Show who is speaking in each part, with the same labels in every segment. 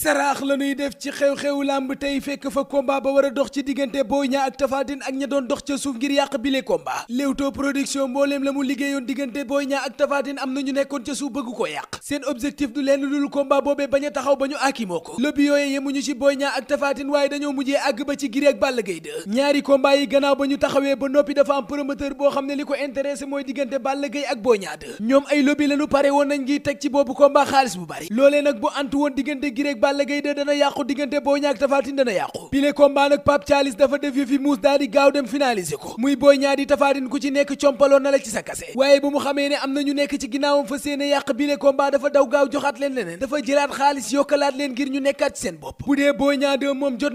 Speaker 1: saraax la ñuy def ci xew-xewu làmb tey fekk fa combat ba war a dox ci diggante Boy Niang ak Tapha Tine ak ña doon dox ca suuf ngir yàq bile combat Leewtoo production mbooleem la mu liggéeyoon diggante Boy Niang ak Tapha Tine am na ñu nekkoon ca suuf bëgg ko yàq seen objectif du leen dul combat boobee bañ a taxaw ba ñu aakimoo ko lobby yooye yemuñu ci Boy Niang ak Tapha Tine waaye dañoo mujjee àgg ba ci Gris ak Balla Gaye 2 ñaari combat yi gannaaw ba ñu taxawee ba noppi dafa am promoteur boo xam ne li ko intéressé mooy diggante Balla Gaye ak Boy Niang 2 ñoom ay lobby lañu pare woon nañ ngi teg ci boobu combat xaalis bu bari loolee nag bu antu woon diggante Gris ak Balla Gaye 2 dana yàqu diggante Boy Niang ak dana yàqu bile combat nag Pape Thialis dafa def yëfi muus daal gaaw dem finaliser ko muy Boy Niang di Tapha Tine ku ci nekk compaloon na la ci sa kase waaye bu nekk ci ginnaawam fa séene yàq bile combat dafa daw gaaw joxaat leen leneen dafa jëlaat xaalis yokkalaat ñu nekkaat ci seen bopp bu dee Boy Niang 2 moo ca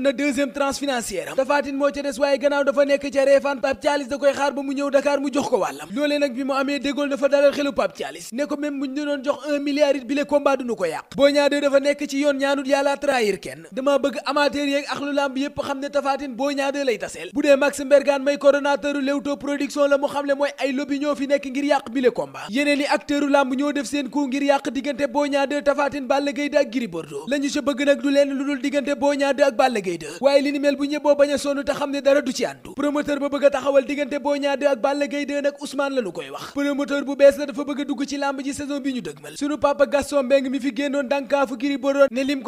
Speaker 1: des waaye gannaaw dafa nekk ca reefaan Pape Thialis da koy xaar ba mu ñëw Dakar mu jox ko wàllam loolee nag bi mu amee déggool dafa dalal xelu Pape Thialis ne ko même bu ñu doon jox un milliard it bile combat duñu ko yàq Boy Niang dafa nekk ci yoon ñaanu dul yàlla trahir kenn dama bëgg amateur yeeg axlu lamb yépp xam ne Tapha boo Boy Niang 2 lay taseel bu dee Max Mbergane may coordonnateur Leewtoo production la mu xam le mooy ay lobby ñoo fi nekk ngir yàq bile combat yeneen i acteuru lamb ñoo def seen coup ngir yàq diggante Boy Niang 2 Tapha Tine ak Gris Bordeaux la ñu bëgg nag du leen lu dul diggante boo Niang 2 ak Balla Gaye a sonn te a taxawal diggante Boy nag Ousmane la koy wax promoteur bu bees la dafa bëgg a dugg ci lamb ji saison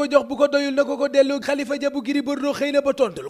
Speaker 1: ko jox bu ko doyul na ko ko dellu xalifa ba tontul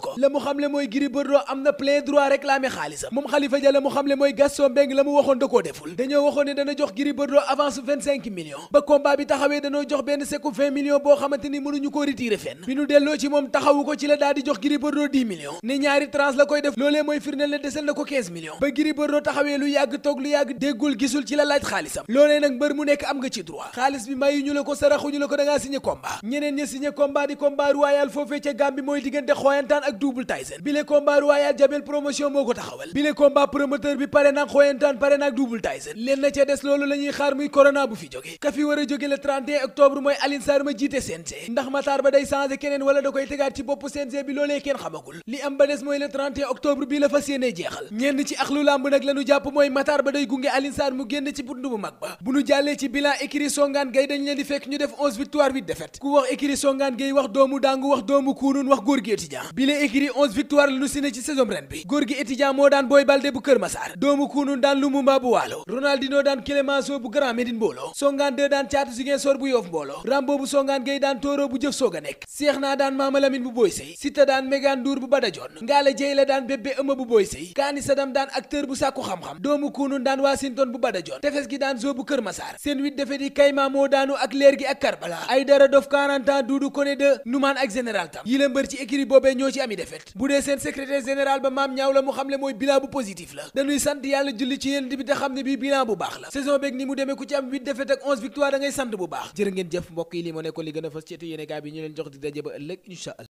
Speaker 1: bi taxawee danoo jox benn sekku 20 boo xamante ni mënuñu koo retirer fenn bi nu delloo ci moom taxawu ko ci la daal jox Gris Bordeaux 10 ne ñaari tranche la koy def loolee mooy firndeel ne desel na ko 15 ba Gris Bordeaux taxawee lu yàgg toog lu yàgg déggul gisul ci la laaj xaalisam loolee nag mbër mu nekk am nga ci droit xaalis bi mayu la ko saraxuñu la ko dangaa signé combat signé combat di combat royal foofee ca Gambie mooy diggante xooyantaan ak double Tyson bile combat royal Jabel promotion moo ko taxawal bile combat promoteur bi pare nag xooyantaan pare nag double Tyson leen ca des loolu la xaar muy corona bu fi jóge ka war a jóge le 31 octobre mooy Alioune ma jiite CNG ndax Matar ba day changé keneen wala da koy tegaat ci bopp CNG bi loolee kenn xamagul li am ba des mooy le octobre bi la fas yéene jeexal songaan ngay wax doomu daangu wax doomu kuunun wax góor gi étudiant bile écrit victoire la nu si ne ci saison ren bi góor gi étudiant moo daan Boy Baldé bu Kër Masaar doomu kuunun daan Lumumba bu Waalo Ronaldinho daan Clémenceau bu Grand Médine mbooloo songaan deux daan caatu Ziguinchor bu Yoff mbooloo Rambo bu songaan ngay daan Tooro bu jëf soog a nekk Seex naa daan Maama bu Boy Sey Sita daan Megan Ndour bu Badajon Ngaale Jey la daan Bébé Ëma bu Boy Sey Kaani Sadam xam-xam doomu kuunun daan daan Zo bu Kër Masaar seen huit defet yi Kayma moo daanu ak leer gi ak Karbala ay dara Doudou Koné de Numan ak général Tam yi la mbër ci écurie boobee ñoo ci ami défaite bu dee seen secrétaire général ba maam ñaaw la mu xamle mooy bilan bu positif la dañuy sant yàlla julli ci yéen bi te xam ne bii bilan bu baax la saison beeg ni mu demee ku ci am 8 ak 11 victoire da sant bu baax jërë ngeen jëf mbokk yi li moo nekkoon li gën a fës ci étu yéene bi ñu leen jox di daje ba ëllëg incha allah